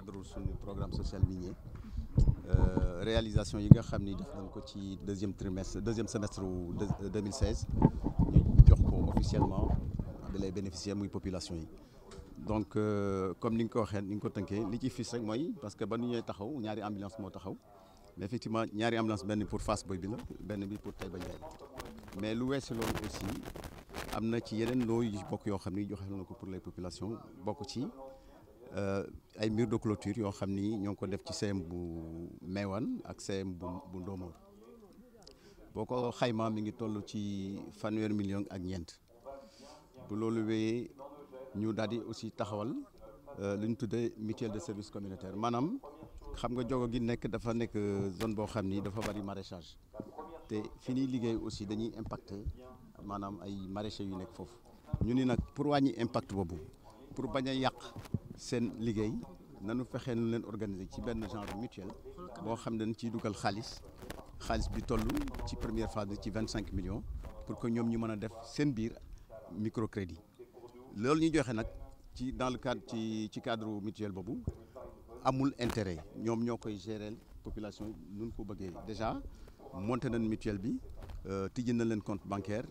cadre suñu programme social minier euh, réalisation yi nga xam ni def nañ ko ci deuxième trimestre deuxième semestre euh, deux mille seize ñu jox ko officiellement bi lay bénéficier muy population yi donc euh, comme ni nga ko waxee ni nga ko tënkee li ci fis rek mooy parce que ba nu ñooy taxaw ñaari ambulance moo taxaw mais effectivement ñaari ambulance benn pour Fass Boy bi la benn bi pour Taïba Ndiaye mais lu weesu loolu aussi am na ci yeneen loo yu bokk yoo xam ni joxe na ko pour les populations bokk ci Euh, ay mur de clôture yoo xam ni ñoo ngi ko def ci CEM bu Mewane ak CEM bu bu Ndomor boo ko xayma mi ngi toll ci fanweer million ak ñeent bu loolu wéyee ñu daal di aussi taxawal euh, lu ñu tuddee mutuelle de service communautaire maanaam xam nga jogo gi nekk dafa nekk euh, zone boo xam ni dafa bari maraîchage te fi ñuy liggéey aussi dañuy impacte maanaam ay maraîchers yu nekk foofu ñu ni nag pour wàññi impacte boobu. pour bañ a yàq seen liggéey nanu fexe nu leen organiser ci benn genre mutuel boo xam ne dañ ciy dugal xaalis xaalis bi toll ci première phase bi ci vingt cinq millions pour que ñoom ñu mën a def seen biir micro crédit loolu ñu joxe nag ci dans le cadre ci ci cadre mutuel boobu amul intérêt ñoom ñoo koy gérer population nun ko bëggee déjà monté nañ mutuel bi euh, tijji na leen compte bancaire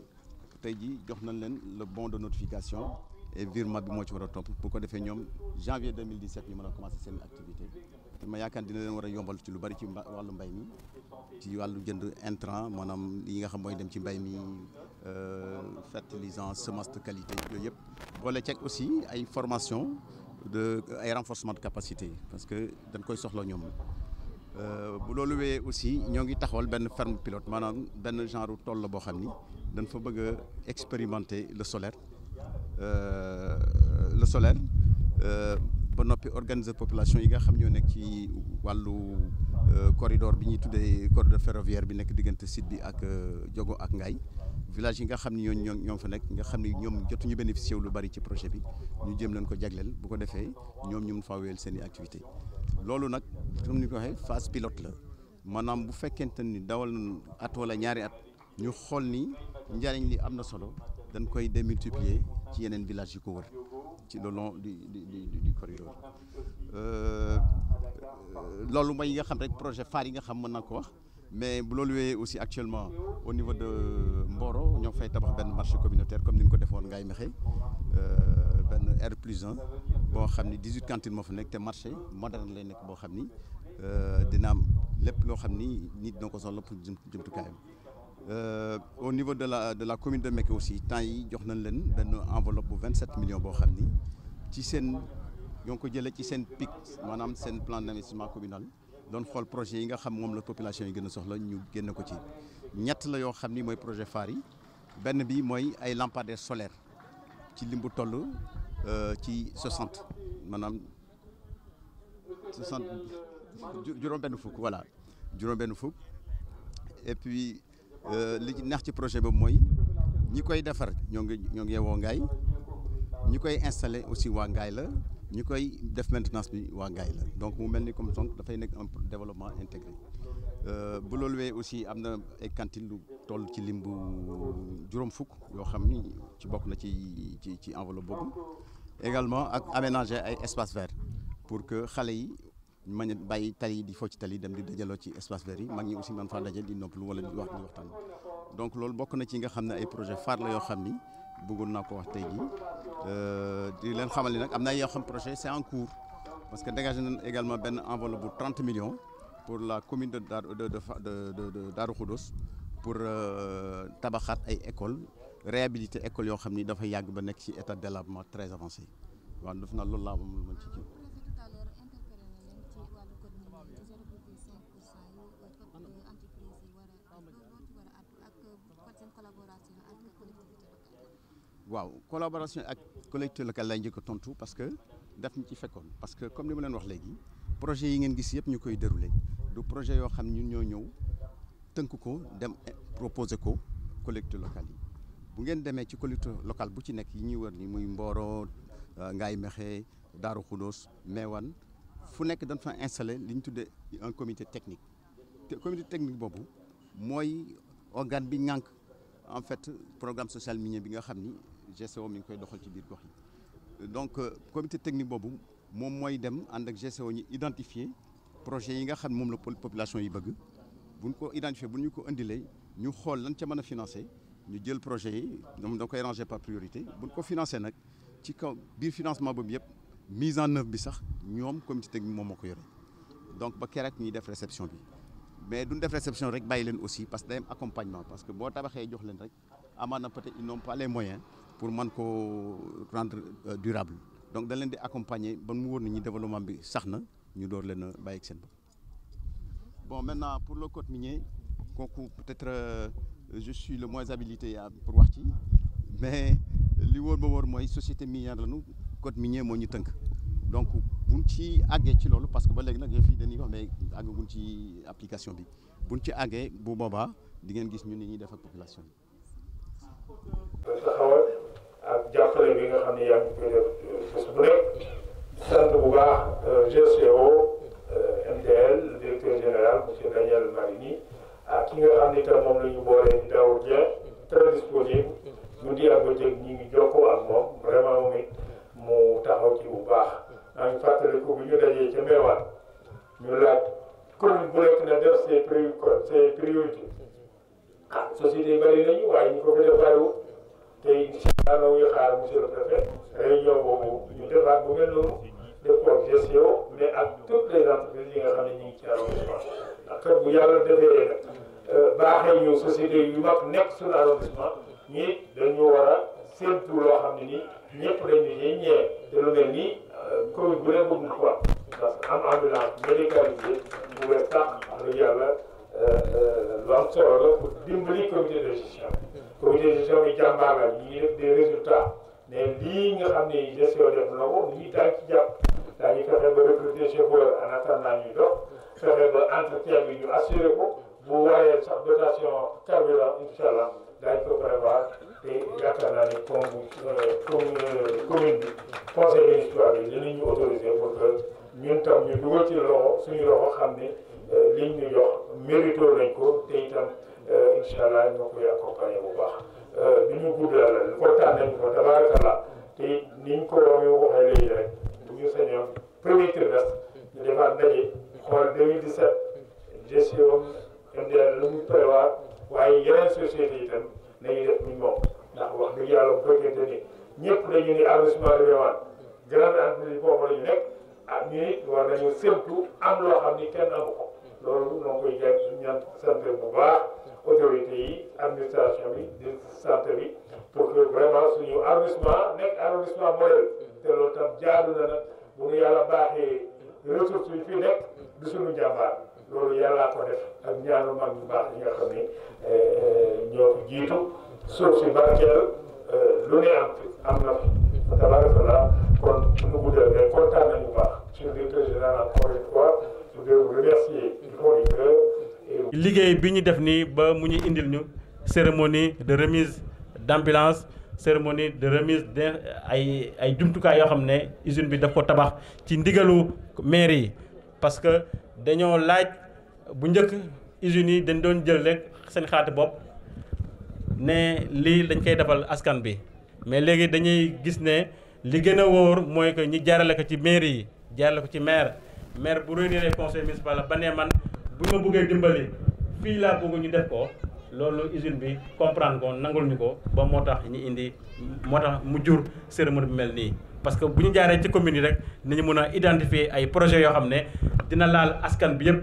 tey ji jox nañ leen le bon de notification et virement bi moo ci war a topp bu ko defee ñoom janvier 2017 ñu mën a commencé seen activité ma yaakaar dina leen war a yombal ci lu bari ci wàllu mbay mi ci wàllu jënd intrant maanaam yi nga xam mooy dem ci mbay mi euh, fertilisant semence de qualité yooyu yëpp boole ceeg aussi ay formation de ay renforcement de capacité parce que dañ koy soxla ñoom euh, bu loolu wéyee aussi ñoo ngi taxawal benn ferme pilote maanaam benn genre tool la boo xam ni dañ fa bëgg a le solaire Euh, le solaire euh, ba noppi organiser population yi nga xam ñoo nekk ci wàllu euh, corridor bi ñuy tuddee corridor ferroviaire bi nekk diggante site bi ak jogo ak Ngaye village yi nga xam ne ñoom ñoo fa nekk nga xam ni ñoom jotuñu bénéficié wu lu bari ci projet bi ñu jëm leen ko jagleel bu ko defee ñoom ñu mun faa seeni seen activité loolu nag comme ni ko waxee phase pilote la maanaam bu fekkente ni dawal at wala ñaari at ñu xool ni njariñ li am na solo dañ koy démultiplier ci yeneen village yi ko wër ci le long du du du du corridor euh, euh, loolu mooy yi nga xam rek projet phare yi nga xam mën na ko wax mais bu loolu wéyee aussi actuellement au niveau de Mboro ñoo fay tabax benn marché communautaire comme ni ñu ko defoon Ngaye Mékhé euh, benn R plus 1 boo xam ni 18 cantines moo fa nekk te marché moderne lay nekk boo xam ni dina am lépp loo xam ni nit dina ko soxla pour jëm jëmtukaayam. au niveau de la de la commune de Mekhe aussi temps yi jox nañ leen benn enveloppe bu 27 millions boo xam ni ci seen ñoo ngi jëlee ci seen PIC maanaam seen plan d'investissement communal doon xool projet yi nga xam moom la population yi gën a soxla ñu génn ko ci ñett la yoo xam ni mooy projet phare yi benn bi mooy ay lampadaires solaires ci lim bu toll euh, ci 60 maanaam 60 juróom-benn fukk voilà juróom-benn fukk et puis. Euh, li ci neex ci projet ba mooy ñi koy defar ñoo ngi ñoo ngi woo Ngaye ñi koy installé aussi waa Ngaye la ñi koy def maintenance bi waa Ngaye la donc mu mel ni comme son dafay nekk un développement intégré euh, bu loolu wee aussi am na ay lu toll ci lim bu juróom fukk yoo xam ni ci bokk na ci ci ci enveloppe boobu également ak aménager ay espace vert pour que xale yi mën a bàyyi tali di fo ci tali dem di dajaloo ci espace vert yi mag ñi aussi man faa daje di noppalu wala di wax di waxtaan donc loolu bokk na ci nga xam ne ay projet phare la yoo xam ni bëggoon naa ko wax tey jii euh, di leen xamal ni nag am na yoo xam projet c'est en cours parce que dégagé na également benn enveloppe bu 30 millions pour la commune de Darou de de Darou Khoudoss pour euh, tabaxaat ay écoles réhabiliter écoles yoo xam ni dafa yàgg ba nekk ci état délabrement très avancé waaw def na loolu laa moom mën ci waaw collaboration ak collectivité locale lay njëkk a tontu parce que daf ñu ci fekkoon parce que comme li ma leen wax léegi projet yi ngeen gis yëpp ñu koy déroulé du projet yoo xam ñun ñoo ñëw tënk ko dem proposé ko collectivité locale yi bu ngeen demee ci collectivité locale bu ci nekk yi ñuy wër ni muy mbooroo Mboro euh, Ngaye Mekhe Darou mais wan fu nekk dañ fa installé li ñu tuddee un comité technique te comité technique boobu mooy organe bi ŋànk en fait programme social minier bi nga xam ni GCO mi ngi koy doxal ci biir gox yi donc euh, comité technique boobu moom mooy dem ànd ak GCO ñu identifier projet yi nga xam moom la population yi bëgg bu ñu ko identifier bu ñu ko indilee ñu xool lan ca mën a financer ñu jël projet yi ñoom da koy ranger par priorité bu ñu ko financer nag ci kaw biir financement boobu yëpp mise en œuvre bi sax ñoom comité technique moom moo ko yore donc ba keroog ñuy def réception bi mais duñ def réception rek bàyyi leen aussi parce que day parce que boo tabaxee jox leen rek amaana peut-être ils n'ont pas pour mën koo rendre euh, durable donc dañ leen di accompagner ba mu wóor ni ñi développement bi sax na ñu door leen a bàyyi ak seen bopp bon maintenant pour le code minier kooku peut-être euh, je suis le moins habilité à pour wax ci mais li wóor ba wóor mooy société minière lañu code minier moo ñu tënk donc buñ ci àggee ci loolu parce que ba léegi nag yëf yi dañuy wax mais àggaguñ ci application bi buñ ci àggee bu boobaa di ngeen gis ñun ni ñuy def ak population bi nga xam ne yaa ngi koy def bés euh, bu nekk sant bu baax euh, GCO euh, MTL directeur général monsieur Daniel Marini ak ki nga xam ne itam moom la ñu boolee di Daoud Dieng très disponible guddi ak bëccëg ñi ngi jokkoo ak moom vraiment moom it mu taxaw ci bu baax maa ngi fàttali ko bu ñu dajee ca Meewaan ñu laaj commune bu nekk na def ses priorités ses priorités ah société yi bëri nañu waaye ñu ko fa def bariwul tey incha allah muy xaar monsieur le préfet réunion boobu ñu defaat bu mel noonu def ko ak gestion mais ak toutes les entreprises yi nga xam ne ñu ngi ci arrondissement ndax kat bu yàlla defee nag euh, baaxee ñu société yu mag nekk suñu arrondissement ñii dañu war a séntu loo xam ne nii ñëpp dañu ñuy ñëwee te lu mel nii euh, commune bu ne bëgg na quoi parce que am ambulance médicalisée bu wees tax wax dëgg yàlla euh, lu am solo la pour dimbali de gestion comité de gestion a jàmbaar la ñu ngi def des nga ne gestion def na ko lii daal ci jàpp daañu fexe ba recruter chauffeur en attendant ñuy dox fexe ba entretien bi ñu assuré ko bu waree sax dotation carburant incha allah daañu ko prévoir te yaakaar naa ne commune euh, euh, commune bi conseil municipal bi dinañu autorisé pour que ñun tam ñu dugal ci loxo suñu loxo ne euh, liñ ñu jox mérito ko te itam. Euh, incha allah ñoo koy accompagner bu baax bi euh, ñu guddal la lu ko tax nañu ko tabarakallah te ni ñu ko doon waxee léegi rek bu ñu sañoon premier trimestre ñu defaat ndaje xool 2017 gestion MDL lu mu prévoir waaye yeneen société yi tam nañu def ñu moom ndax wax dëgg yàlla bu fekkente ni ñëpp dañu ni arrondissement de Méouane grande entreprise boobu la ñu nekk ah ñu ni war nañu am loo xam ni kenn amu ko loolu noo koy jàng ñaan sant bu baax autorités yi administration bi di santé bi pour que vraiment suñu arrondissement nekk arrondissement modèle te loolu tam jaadu na nag bu ñu yàlla baaxee ressources yi fii nekk du suñu jàmbaar loolu yàllaa ko def ak ñaanu mag ñu baax yi nga xam ne eh, ñoo fi jiitu suuf si barkeel eh, lu ne am am na fi kon nu guddal mais kontaan nañu baax sur le directeur général encore liggéey bi ñu def nii ba mu ñu indil ñu cérémonie de remise d'ambulance cérémonie de remise de ay ay jumtukaay yoo xam ne usine bi daf ko tabax ci ndigalu maire yi parce que dañoo laaj bu njëkk usines yi dañ doon jël rek seen xaatu bopp ne lii dañ koy defal askan bi mais léegi dañuy gis ne li gën a wóor mooy que ñu jaarale ko ci mairie yi jaarale ko ci maire maire bu réunir conseil municipal ba nee man bu ñu ma bëggee dimbali fii laa bëgg ñu def ko loolu usine bi comprendre ko nangul ñu ko ba moo tax ñu indi moo tax mu jur cérémonie bi mel nii. parce que bu ñu jaaree ci commune yi rek nañu mën a identifier ay projets yoo xam ne dina laal askan bi yëpp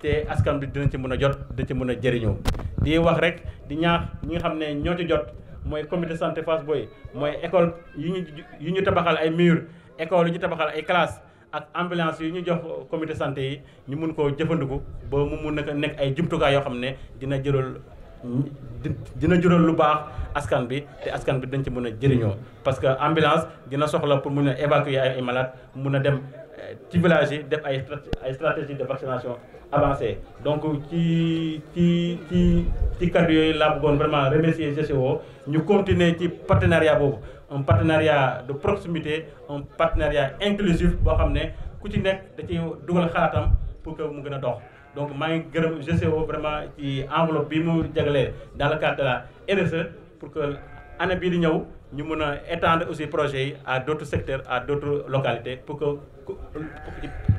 te askan bi dina ci mun a jot dina ci mën a jëriñoo di wax rek di ñaax ñi ngi xam ne ñoo ci jot. mooy comité santé Fass Boye mooy école yi ñu yi ñu tabaxal ay murs école yi ñu tabaxal ay classes. ak ambulance yu ñu jox comité santé yi ñu mun koo jëfandiku ba mu mun naka nekk ay jumtukaay yoo xam ne dina jëral dina jural lu baax askan bi te askan bi dañ ci mun a jëriñoo parce que ambulance dina soxla pour mun a évacuer ay malade mun a dem eh, ci village yi def ay ay stratégie de vaccination avancée donc ci ci ci ci kàddu yooyu laa bëggoon vraiment remercier GCO ñu continuer ci partenariat boobu un partenariat de proximité un partenariat inclusif boo xam ne ku ci nekk da ci dugal xalaatam pour que mu gën a dox donc maa ngi gërëm GCO vraiment ci enveloppe bi mu jaglee dans le cadre de la e pour que année bii di ñëw ñu mën a étendre aussi projet yi à d'autres secteur à d'autres localités pour que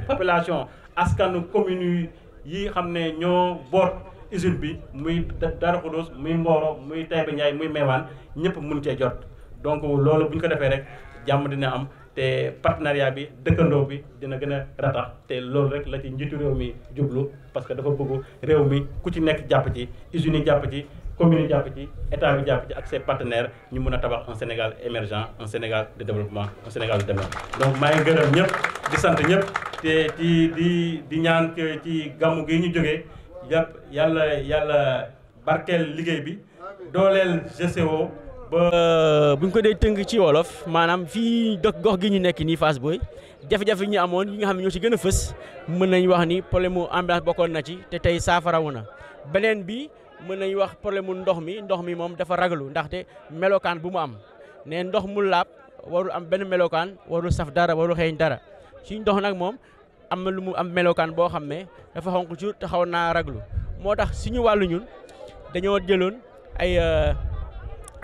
population askanu communes yi xam ne ñoo boot usine bi muy dara Khoudoss muy Mboro muy Taïba Ndiaye muy Mewane ñëpp mun cee jot donc loolu bu ñu ko defee rek jàmm dina am te partenariat bi dëkkandoo bi dina gën a ratax te loolu rek la ci njiitu réew mi jublu parce que dafa bëgg réew mi ku ci nekk jàpp ci usines yi jàpp ci commune jàpp ci état bi jàpp ci ak ses partenaires ñu mën a tabax un Sénégal émergent un Sénégal de développement un Sénégal de demain donc maa ngi gërëm ñëpp di sant ñëpp te di di di ñaan ci gàmmu gi ñu jógee yàpp yàlla yàlla barkeel liggéey bi dooleel GCO ba bu ñu ko dee tënk ci wolof maanaam fii dox gox gi ñu nekk nii Fass booy jafe-jafe yi ñu amoon yi nga xam ne ñoo ci gën a fës mën nañu wax ni problème mu ambiance bokkoon na ci te tey saafarawu na beneen bi mën nañ wax problème mu ndox mi ndox mi moom dafa ragalu ndaxte melokaan bu mu am ne ndox mu laab warul am benn melokaan warul saf dara warul xeeñ dara ci ndox nag moom am na lu mu am melokaan boo xam ne dafa xonq jur te xaw naa raglu moo tax suñu wàllu ñun dañoo jëloon ay euh,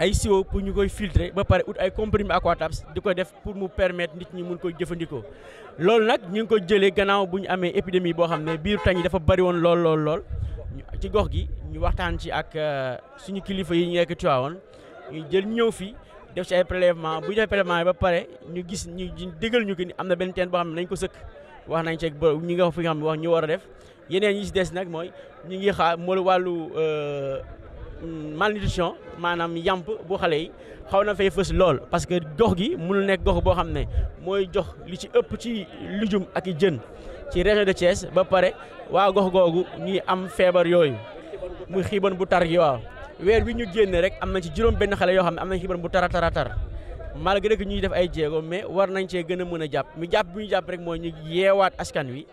ay siwo pour ñu koy filtrer ba pare ut ay comprimé aquatabs di ko def pour mu permettre nit ñi mun koy jëfandikoo loolu nag ñu ngi ko jëlee gannaaw bu ñu amee épidemie boo xam ne biir tañ yi dafa bari woon lool lool lool ci gox gi ñu waxtaan ci ak euh, suñu kilifa yi ñu nekk Tivaouane ñu jël ñëw fii def ci ay prélèvement bu ñu defee prélèvement ba pare ñu gis ñu déggal ñu que ni am na benn teen boo xam ne nañ ko sëkk wax nañ ci ñi nga fi nga xam ne wax ñu war a def yeneen yi ci des nag mooy ñu ngi xaar mooy wàllu. Euh, Mm, malnutrition maanaam yàmp bu xale yi xaw na fay fës lool parce que gox gi mënul nekk gox boo xam ne mooy jox li ci ëpp ci lujum ak i jën ci région de Thiès ba pare waa gox googu ñuy am feebar yooyu muy xiiban bu tar gi waaw weer bi ñu génne rek am na ci juróom benn xale yoo xam ne am nañ xiiban bu tara tara tar malgré que ñuy def ay jéego mais war nañ cee gën a mën a jàpp mu jàpp bu ñu jàpp rek mooy ñu yeewaat askan wi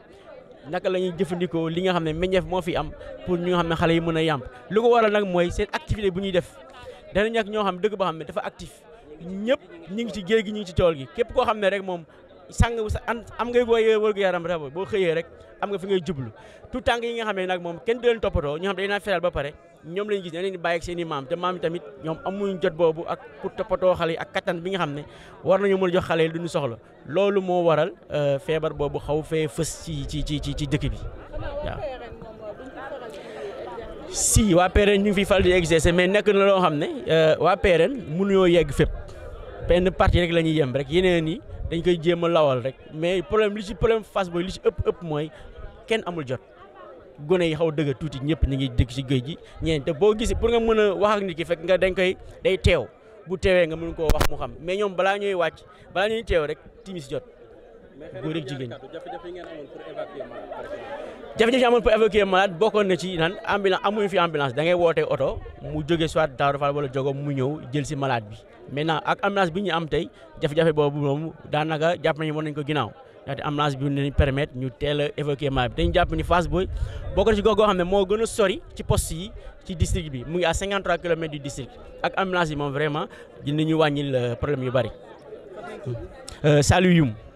naka la ñuy jëfandikoo li nga xam ne meññeef moo fi am pour ñu xam ne xale yi mën a yàmp lu ko waral nag mooy seen activité bu ñuy def dana ñàkk ñoo xam dëkk boo xam ne dafa actif ñëpp ñu ngi ci géej gi ñu ngi ci tool gi képp koo xam ne rek moom sàng am ngay booy wërgu yaram rek boo xëyee rek am nga fi ngay jublu tout tànk yi nga xam ne nag moom kenn du leen toppatoo ñu xam ne dañ feral ba pare ñoom lañu gis ne leen bàyyi ak seen i maam te maam yi tamit ñoom amuñu jot boobu ak pour toppatoo xale yi ak kattan bi nga xam ne war nañu mun a jox xale yi lu ñu soxla loolu moo waral euh, feebar boobu xaw fee fës ci ci ci ci dëkk bi waaw. si waa PRN ñu fi fiy faral di mais nekk na loo xam ne euh, waa PRN mënuñoo yegg fépp pen parti rek la ñuy yem rek yeneen yi dañ koy jéem a lawal rek mais problème li ci problème face booy li ci ëpp ëpp mooy kenn amul jot. gone yi xaw a tuuti ñëpp ñu ngi dëkk ci géej gi ñeen boo gis pour nga mën a wax ak nit ki fekk nga dañ koy day teew bu teewee nga mën koo wax mu xam mais ñoom balaa ñooy wàcc balaa ñuy teew rek timis jot góor ak jigéen jafe-jafe yi amoon pour évacuer malade bokkoon na ci naan ambulance amuñu fi ambulance da ngay wootee oto mu jóge soit Daara Fall wala Jogo mu ñëw jël si malaat bi maintenant ak ambulance bi ñu am tey jafe-jafe boobu moom daanaka jàpp nañu mën nañ ko ginnaaw ndaxte ambulance bi dinañ permettre ñu teel a évacuer maa bi dañu jàpp ni Fass Boye bokk na ci gox goo ne moo gën a sori ci poste yi ci district bi mu ngi à 53 kilomètres du district ak ambulance yi moom vraiment ñu wàññil euh, problème yu bari. Euh, Saliou Youm